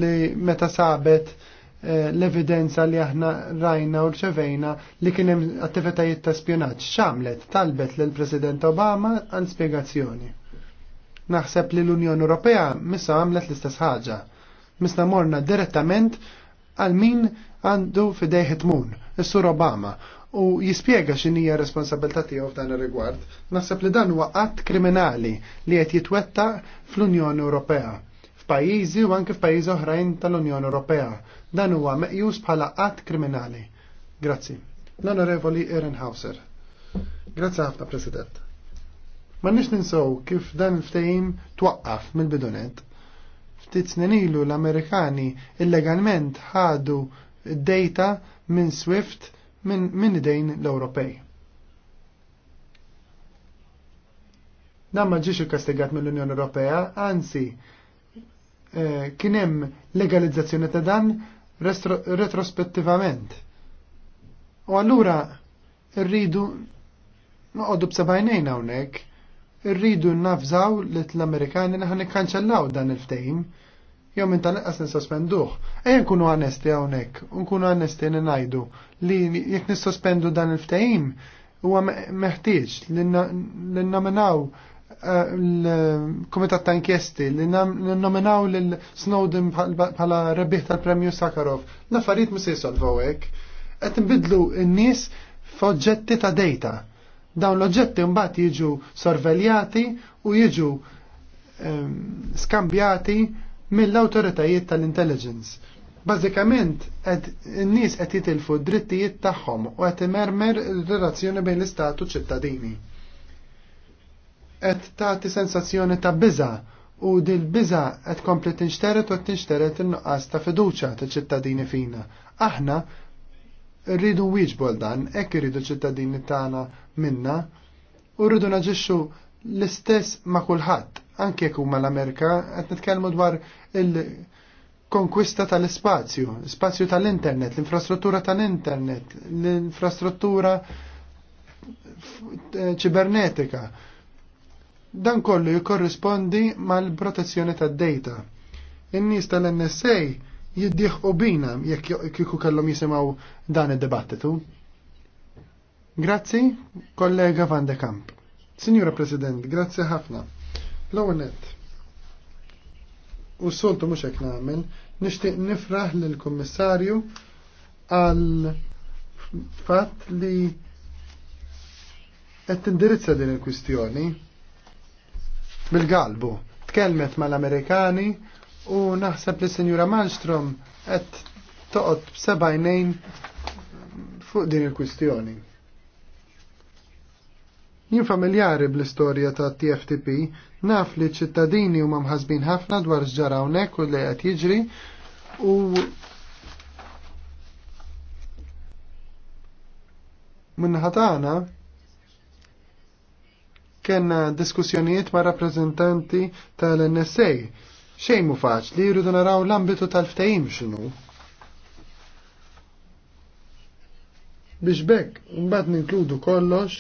li meta sabet eh, l-evidenza li aħna rajna u rċevejna li kienem attivitajiet ta' spionaċ xamlet talbet l-President Obama għal spiegazzjoni. Naħseb li l-Unjoni Ewropea missa għamlet l-istess ħaġa. Misna morna direttament għal min għandu fidejħ tmun, is-Sur Obama, u jispjega x'inhija responsabilità tiegħu f'dan ir-rigward. Naħseb li dan huwa qatt kriminali li qed jitwetta fl-Unjoni Ewropea f'pajjiżi u anke f'pajjiżi oħrajn tal-Unjoni Ewropea. Dan huwa meqjus bħala qatt kriminali. Grazzi. L-Onorevoli Ehrenhauser. Grazzi ħafna, President. Ma nix ninsaw kif dan il-ftejim twaqqaf mill-bidunet. Ftit snin ilu l-Amerikani illegalment ħadu d-data minn Swift minn min idejn l-Ewropej. Dan ma ġiex ikkastigat mill-Unjoni Ewropea, anzi, eh, kien hemm legalizzazzjoni ta' dan retrospettivament. U allura rridu noqogħdu b'sebajnejn hawnhekk Irridu nafżaw l-Amerikani naħan nikkanċellaw dan il-ftejm jew minn tal-inqas nisospenduh. Ejja nkunu onesti hawnhekk, nkunu onesti ngħidu li jekk nissospendu dan il-ftehim huwa meħtieġ li nnominaw eh, l-Kumitat ta' inkjesti li nnominaw lil Snowden bħala rebbieħ tal-Premju Sakharov. L-affarijiet mhux se jisolvu hekk. Qed nbidlu n-nies f'oġġetti ta' dejta Dawn l-oġġetti mbagħad jiġu sorveljati u jiġu ehm, skambjati mill-awtoritajiet tal-intelligence. Bażikament qed in-nies qed jitilfu d-drittijiet tagħhom u qed imermer ir-relazzjoni bejn l-istat u ċittadini. Qed tagħti sensazzjoni ta' biża' u dil biża qed kompli tinxteret u tinxteret in-nuqqas ta' fiduċja ta' ċittadini fina. Aħna rridu wieġbol dan, ekk rridu ċittadini tagħna minna u rridu naġixxu l-istess ma' kulħadd, anke jekk huma l-Amerika qed nitkellmu dwar il-konkwista tal-ispazju, spazju tal-internet, l-infrastruttura tal-internet, l-infrastruttura ċibernetika. Dan kollu jikorrispondi mal-protezzjoni tad-data. In-nies tal-NSA u bina jekk kieku kellhom jisimgħu dan id-dibattitu. Grazzi, kollega Van de Kamp. Signora President, grazzi ħafna. L-ewwel nett. U s-soltu mhux hekk nagħmel, nixtieq nifraħ lill-Kummissarju għal fatt li qed indirizza din il-kwistjoni bil-galbu. Tkellmet mal-Amerikani u naħseb li Senjura Malmström qed toqgħod b'sebajnejn fuq din il-kwistjoni. Jien familjari bl-istorja ta' TFTP, naf li ċittadini huma mħasbin ħafna dwar ġara hawnhekk u li qed jiġri u minħatana kena diskussjonijiet ma' rappresentanti tal-NSA Xejn mu faċli jridu naraw l-ambitu tal-ftehim x'inhu. Biex bekk mbagħad ninkludu kollox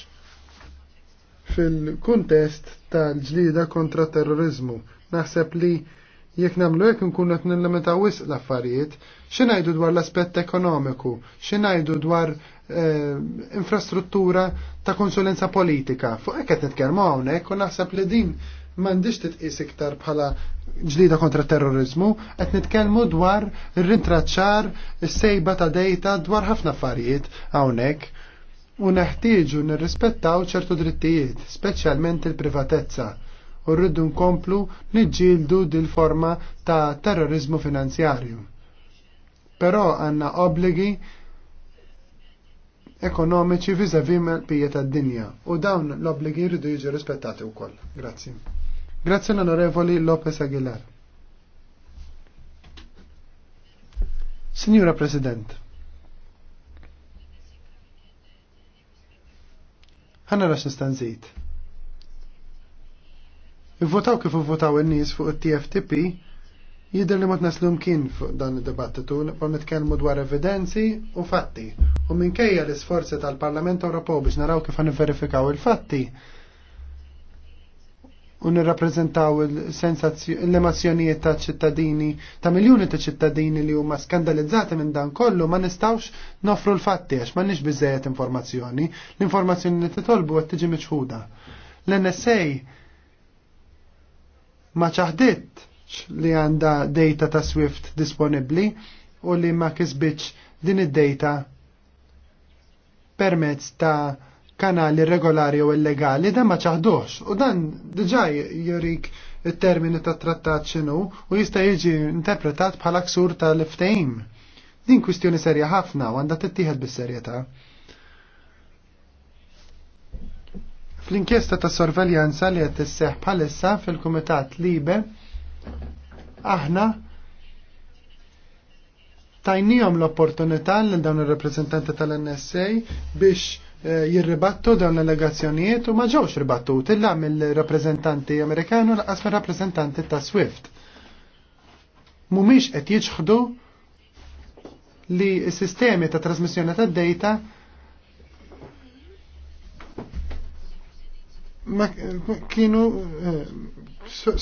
fil-kuntest tal-ġlida kontra terrorizmu. Naħseb li jekk nagħmlu hekk nkunu qed nillimitaw wisq l-affarijiet, x'ingħidu dwar l-aspett ekonomiku, x'ingħidu dwar eh, infrastruttura ta' konsulenza politika. Fuq hekk qed nitkellmu hawnhekk u naħseb li din m'għandix titqis iktar bħala ġlida kontra terrorizmu, qed nitkellmu dwar rintraċċar is-sejba ta' dejta dwar ħafna affarijiet hawnhekk u neħtieġu nirrispettaw ċertu drittijiet, speċjalment il-privatezza u rridu nkomplu niġġieldu dil forma ta' terrorizmu finanzjarju. Però għanna obligi ekonomiċi vizavi mal-pija tad-dinja u dawn l-obligi rridu jiġu rispettati wkoll. Grazzi. Grazie l Lopez Aguilar. Signora President, għanna rax nistanżit. Ivvotaw kif votaw in-nies fuq it-TFTP jidher li ma tnaslum kien fuq dan id-dibattitu nibqgħu nitkellmu dwar evidenzi u fatti u minkejja l-isforzi tal-Parlament Ewropew biex naraw kif verifikaw il-fatti u nirrappreżentaw l emozjonijiet ta' ċittadini, ta' miljuni ta' ċittadini li huma skandalizzati minn dan kollu ma nistawx nofru l-fatti għax ma nix biżejjed informazzjoni. L-informazzjoni li titolbu qed tiġi miċħuda. L-NSA ma ċaħdit li għanda data ta' Swift disponibli u li ma kisbitx din id-data permezz ta' kanali regolari u illegali dan ma ċaħduħx u dan diġà jurik il-termini ta' trattat xinu u jista' jiġi interpretat bħala ksur tal-ftehim. Din kwistjoni serja ħafna u għandha tittieħed bis-serjetà. Fl-inkjesta ta' sorveljanza li qed isseħħ bħalissa fil-Kumitat Libe aħna tajnijom l-opportunità l dawn ir reprezentanti tal-NSA biex Eh, jirribattu dawn l-allegazzjonijiet u ma ġewx ribattut illa mill-rappreżentanti Amerikanu l mir-rappreżentanti ta' Swift. Mhumiex qed jiġħdu li s-sistemi ta' trasmissjoni ta' data ma kienu eh,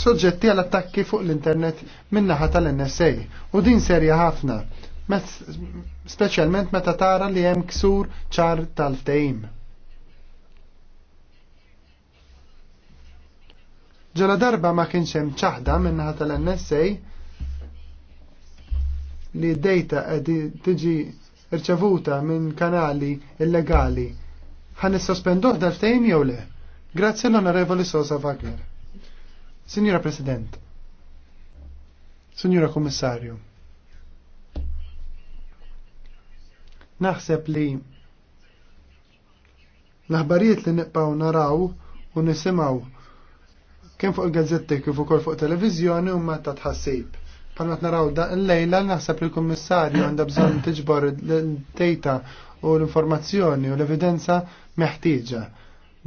soġġetti għal attakki fuq l-internet minnaħa tal-NSA u din serja ħafna speċjalment meta tara li hemm ksur ċar tal-ftehim. Ġela darba ma kienx hemm ċaħda minnaħa tal-NSA li d-dejta tiġi rċevuta minn kanali illegali. Ħan nissospenduh dal-ftehim jew le? Grazzi l-Onorevoli Sosa Wagner. Signora President, Signora Kommissarju, Naħseb li l-aħbarijiet li nibqgħu naraw u nisimgħu kien fuq il-gazzetti kif ukoll fuq televiżjoni huma ta' tħassib. Palma naraw da' l-lejla naħseb li l-Kummissarju għandha bżonn tiġbor l-data u l-informazzjoni u l-evidenza meħtieġa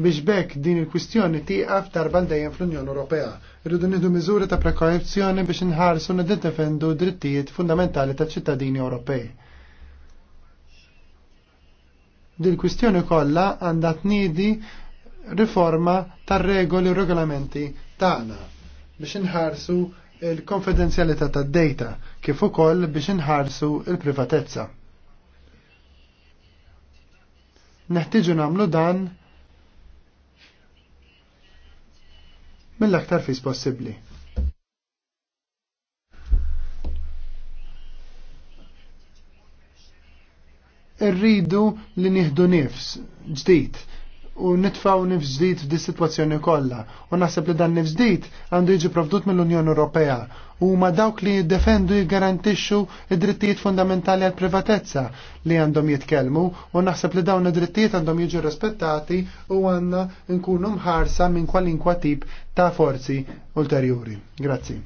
biex bekk din il-kwistjoni tieqaf darba dejjem fl-Unjoni Ewropea. Irridu nieħdu miżuri ta' prekawzjoni biex inħarsu nid-defendu drittijiet fundamentali ta' ċittadini Ewropej. Din kwistjoni kollha għandha tniedi riforma tar-regoli u regolamenti tagħna biex inħarsu il-konfidenzjalità tad-data kif ukoll biex inħarsu il-privatezza. Neħtieġu nagħmlu dan mill-aktar fis possibbli. Irridu li nieħdu nifs ġdid u nitfaw nifs ġdid f'di situazzjoni kollha. U naħseb li dan nifs ġdid għandu jiġi provdut mill-Unjoni Ewropea u ma dawk li jiddefendu jiggarantixxu id-drittijiet fundamentali għal privatezza li għandhom jitkellmu u naħseb li dawn id-drittijiet għandhom jiġu rispettati u għandna nkunu mħarsa minn kwalinkwa tip ta' forzi ulterjuri. Grazzi.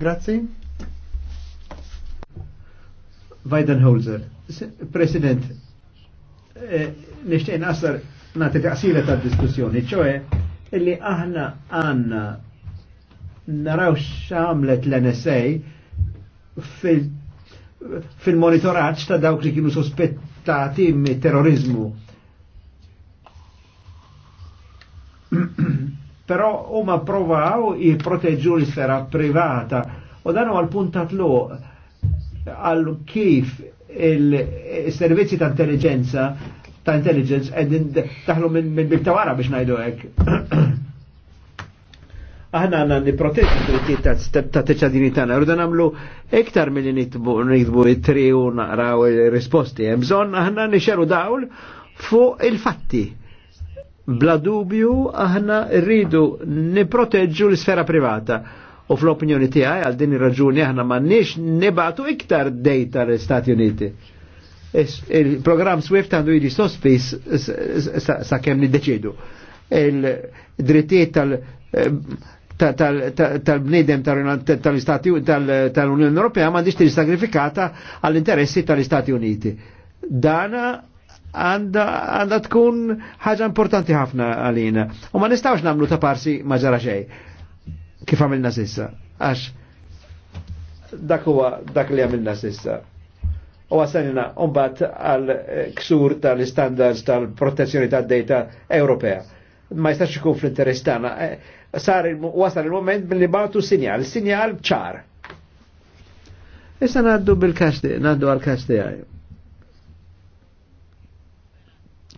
Grazzi. Weidenholzer. President, eh, nishtiq nasar nati taqsila ta' diskussjoni, ċoħe, illi aħna għanna naraw xamlet l-NSA fil-monitoraċ ta' dawk li kienu sospettati mit terrorizmu. Però huma provaw proteġu l-sfera privata u dan huwa l-puntat luq għal kif il-servizzi ta' intelligenza ta' intelligence għedin taħlu minn min bil biex najdu għek. Aħna għanna niprotetti drittijiet ta' t-ċadini tana, rridu namlu iktar mill nitbu it-tri u naqraw il-risposti. Bżon aħna nixeru dawl fuq il-fatti. Bla dubju aħna rridu niproteġġu l-sfera privata U fl-opinjoni tiegħi għal din ir-raġuni aħna m'għandniex nibatu iktar data l-Istati Uniti. Il-programm Swift għandu jiġi sospis sakemm niddeċidu. Il-drittijiet tal- eh, tal-bnidem tal unjoni Ewropea m'għandix tiġi sagrifikata għall-interessi tal-Istati Uniti. Dana għanda tkun ħaġa importanti ħafna għalina. U ma nistawx namlu ta' parsi maġara ġara xej kif għamilna sissa. Għax dak huwa dak li għamilna sissa. U għasanina umbat għal eh, ksur tal-standards tal-protezzjoni tal data Ewropea. Ma jistax ikun fl-interess tagħna. Eh, sar wasal il-moment billi bagħtu sinjal, sinjal ċar. Issa naddu bil-kasti, naddu għal-kasti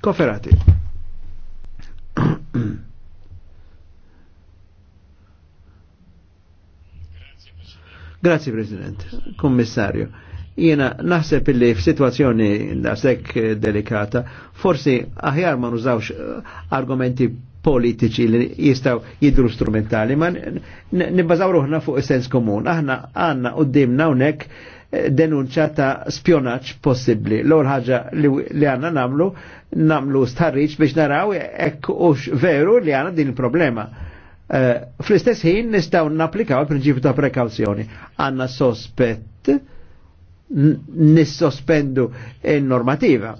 Koferati. Grazie, President, Kommissarju. Jena naħseb illi f-situazzjoni delikata, forsi aħjar ma nużawx eh, argumenti politiċi li jistaw jidru strumentali, ma nibbażaw ruħna fuq sens komun. Aħna għanna u dimna unek eh, denunċata spionaċ possibli. L-għol ħagġa li għanna namlu, namlu starriċ biex naraw ekk ux veru li għanna din il-problema Eh, fl-istess ħin nistaw napplikaw il-prinċipju ta' prekawzjoni. Għanna sospett nissospendu il-normativa.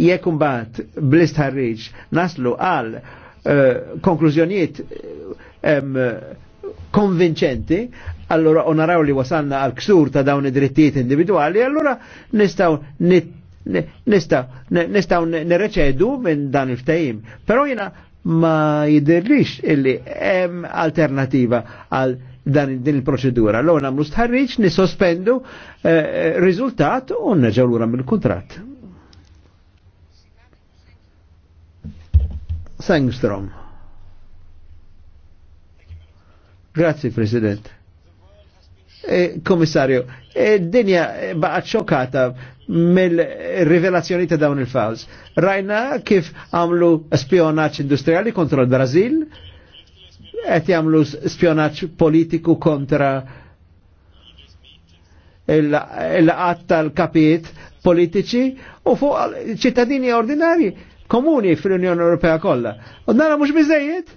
Jekk bat blistħarriġ naslu għal eh, konklużjonijiet eh, konvinċenti, allora onaraw li wasalna għal ksur ta' dawn id-drittijiet individuali, allora nistaw nistaw nistaw nireċedu minn dan il-ftajim. Pero jina ma jidirrix illi hemm alternativa għal dan din il-proċedura. L-għon għamlu stħarriċ, nisospendu eh, eh rizultat u neġawlura mill-kontrat. Sangstrom. Grazie, President. Eh, komissarju, eh, dinja eh, baqgħet xokata mill-rivelazzjoni ta' dawn il-fawz. Rajna kif għamlu spionaċ industriali kontra l-Brazil, qed jagħmlu spionaċ politiku kontra il-qatt tal kapiet politiċi u fuq ċittadini ordinari komuni fil-Unjoni Ewropea kollha. U nara mhux biżejjed?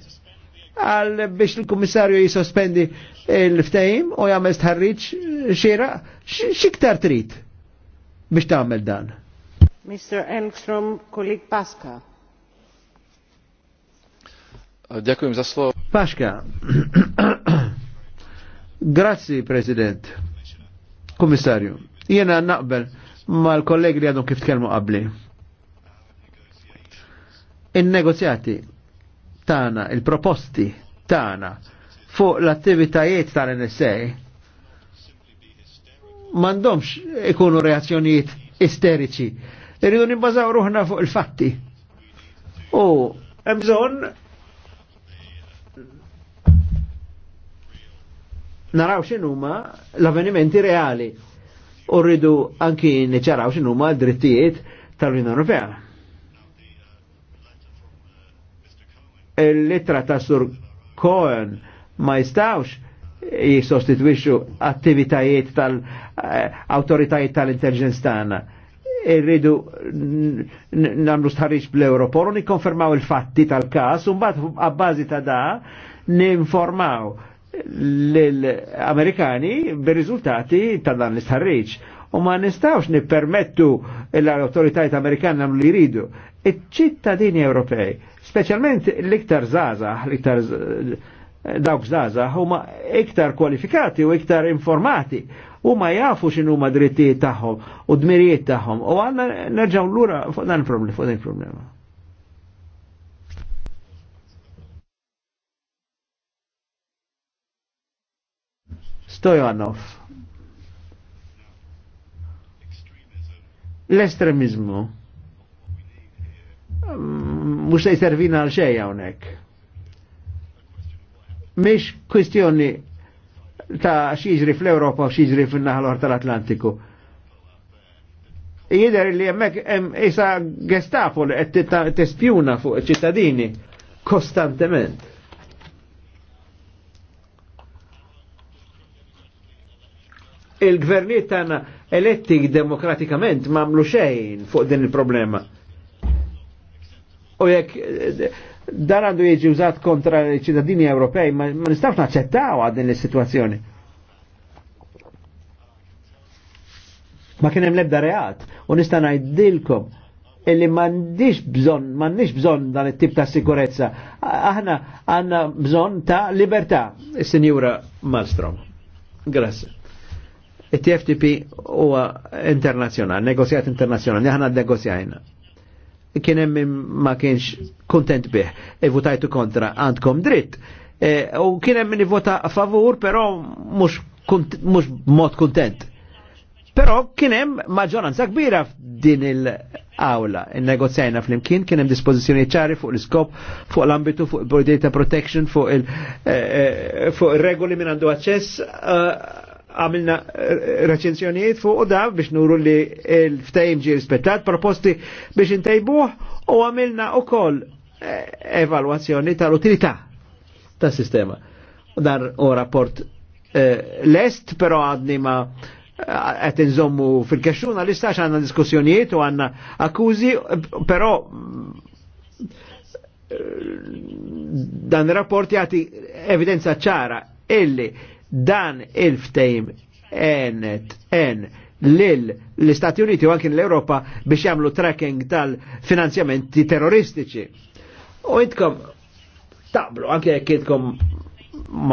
għal biex il-Kummissarju jisospendi il-ftejim u jagħmel tħarriġ eh, xiera xiktar trid biex tagħmel dan. Mr. Engstrom, kolleg Paska. Dziękuję eh, za słowo. Paska. Grazzi, President. Kommissarju, jena naqbel mal-kollegi li għadhom kif tkellmu qabli. In-negozjati tana, il-proposti tana fuq l-attivitajiet tal-NSA mandomx ikunu reazzjonijiet isteriċi. Irridu nibbażaw ruħna fuq il-fatti. U hemm naraw x'inhuma l-avvenimenti reali u rridu anki niċaraw x'inhuma l drittijiet tal-Unjoni Ewropea. il-litra ta' Sur Cohen ma jistawx jisostitwixu attivitajiet tal-autoritajiet eh, tal-intelligence tagħna. Irridu namlu stħarriġ bl-Europol u nikkonfermaw il-fatti tal-kas u mbagħad għabbażi ta' da ninformaw l-Amerikani bir-riżultati ta' dan l-istħarriġ u ma nistawx nippermettu l-autoritajiet Amerikani namlu li jridu. Iċ-ċittadini Ewropej specialment l-iktar zaza, l-iktar dawk zaza, huma iktar kwalifikati u iktar informati u ma jafu xinu ma dritti taħħom u dmirijiet taħħom u għanna nerġaw l-ura dan lura fuq dan il-problema. Stojanov. L-estremizmu mux se jservina għal xej hawnhekk. Mish kwistjoni ta' xieġri fl-Ewropa u xiġri fin-naħa tal-Atlantiku. Jider li jemmek jisa Gestapo li qed tespjuna fuq ċittadini kostantement. il gvernit tana elettik demokratikament m'għamlu xejn fuq din il-problema u jekk eh, dan għandu jieġi użat kontra ċittadini Ewropej, ma nistax naċċettaw għad din is-sitwazzjoni. Ma kien hemm l-ebda reat u nista' ngħidilkom illi m'għandix bżonn m'għandix bżonn dan it-tip ta' sikurezza. Aħna għandna bżonn ta' libertà, is-Sinjura Malmström. Grazie. Il-TFTP e huwa internazzjonali, negozjat internazzjonali, aħna negozjajna kien hemm ma kienx kontent bih, e votajtu kontra, għandkom dritt. E, u kien hemm vota favur, però mhux mhux mod kontent. Però kien hemm maġġoranza kbira f'din il-awla. Innegozjajna fl-imkien kien hemm dispożizzjoni ċari fuq l-iskop, fuq l-ambitu, fuq il data protection, e, e, fuq il-regoli minn għandu aċċess e, għamilna eh, reċenzjonijiet fuq u da biex nuru li l-ftajim ġi rispettat, proposti biex intajbuħ u għamilna u koll eh, evalwazzjoni tal-utilità tas sistema Dar u rapport l eh, lest, pero għadni ma għet nżommu fil-kaxxuna li stax għanna diskussjonijiet u għanna akkużi, pero dan il-rapport jgħati evidenza ċara illi Dan il-ftejm enet en lil l-Istati Uniti u anki l-Europa biex jagħmlu tracking tal-finanzjamenti terroristiċi. U intkom tablu anke jekk jitkom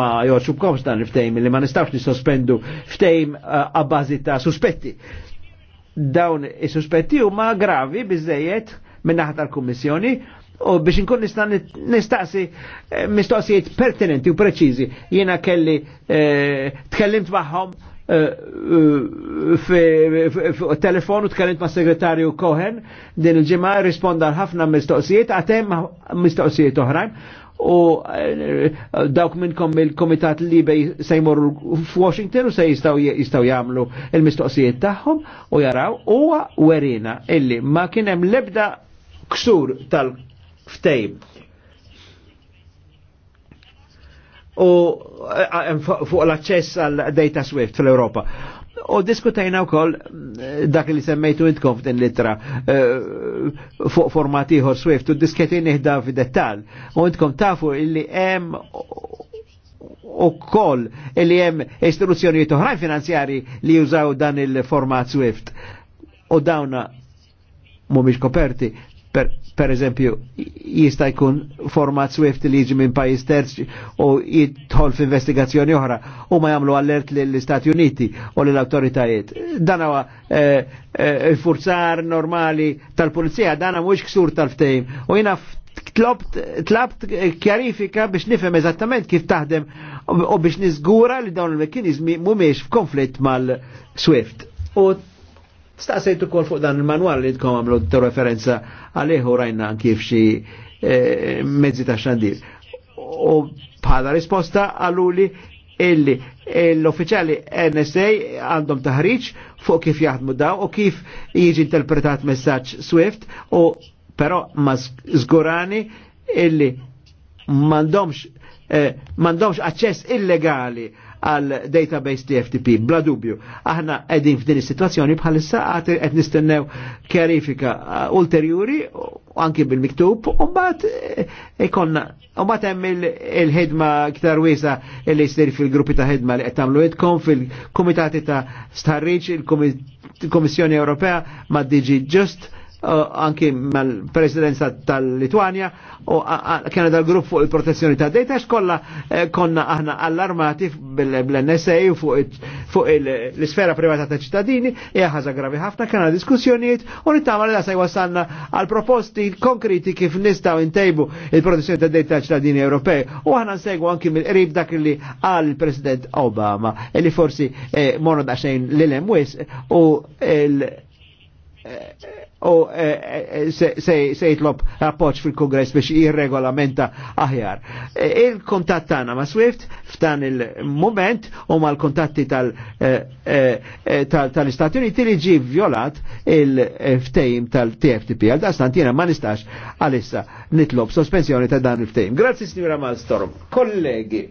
ma joċubkomx dan il-ftejm li ma nistawx nisospendu ftejm għabbażi uh, ta' suspetti. Dawn is-suspetti huma gravi bizzejiet minn naħa tal-Kummissjoni u biex nkun nista' nistaqsi eh, mistoqsijiet pertinenti u preċiżi. Jiena kelli eh, tkellimt magħhom eh, telefon u tkellimt ma' segretarju Cohen din il-ġimgħa risponda ħafna mistoqsijiet għatem mistoqsijiet oħrajn u dawk minnkom il-komitat Libe se jmorru f'Washington u se jistgħu jistaw jagħmlu il-mistoqsijiet tagħhom u jaraw huwa werina illi ma kien hemm lebda ksur tal ftej. U fuq l acċess għal data Swift fl-Europa. U diskutajna u koll eh, dak li semmejtu intkom f'din litra eh, fuq format ieħor Swift u disketin iħda f'dettal. U intkom tafu illi hemm u koll illi hemm istruzzjoni oħrajn finanzjari li jużaw dan il-format Swift. U dawna mhumiex koperti per per eżempju, jista' jkun format Swift li jiġi minn pajjiż terz u jidħol f'investigazzjoni oħra u ma jagħmlu allert lill-Istati Uniti u lill-awtoritajiet. Dan huwa eh, eh, normali tal-pulizija, dan mhux ksur tal ftejm U jiena tlobt, tlabt kjarifika biex nifhem eżattament kif taħdem u biex niżgura li dawn il-mekkinizmi mhumiex f'konflitt mal-Swift. U Staqsejtu kol fuq dan il-manual li tkom għamlu referenza għalieħu rajna kif xi eh, mezzi ta' xandir. U bħala risposta għaluli illi l-uffiċjali NSA għandhom taħriġ fuq kif jaħdmu daw u kif jiġi interpretat messaġġ Swift u però ma zgurani illi mandomx eh, mandomx aċċess illegali għal database TFTP, bla dubju. Aħna għedin f'din is-sitwazzjoni bħalissa għat nistennew kjarifika uh, ulterjuri anki bil-miktub, u mbagħad eh, ikonna u hemm il-ħidma iktar wiesa li jsir fil-gruppi ta' ħidma li qed tagħmlu idkom fil-kumitati ta' starriċ il-Komissjoni Ewropea ma' DG Just Eh, anki mal-presidenza tal-Litwania u kien dal-grupp fuq il-protezzjoni ta' data xkolla eh, konna aħna allarmati bl-NSA fuq l-sfera privata ta' ċittadini e ħaza gravi ħafna kena diskussjonijiet u nittama li dasa jwassanna għal proposti konkreti kif nistaw intejbu il-protezzjoni ta' data ċittadini Ewropej u aħna nsegwu anki mill-qrib dak li għal il-President Obama eh, li forsi monod għaxejn l-lem u il- u eh, eh, se jitlob appoċ fil-kongress biex jirregolamenta aħjar. Eh, il-kontat tana ma' Swift f'dan il-moment u mal kontatti tal-Istati Uniti li ġi violat il-ftejm tal-TFTP. Għal dastant jena ma' nistax għalissa nitlob sospensjoni ta' dan il-ftejm. Grazzi, signora Malstorm. Kollegi,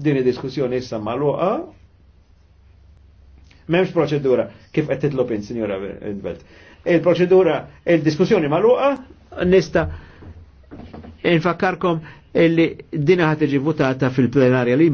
din diskussjoni issa maluqa. Memx proċedura kif qed titlob in, signora il-proċedura, il-diskussjoni maluqa, nista infakkarkom illi dina ħat votata fil-plenarja li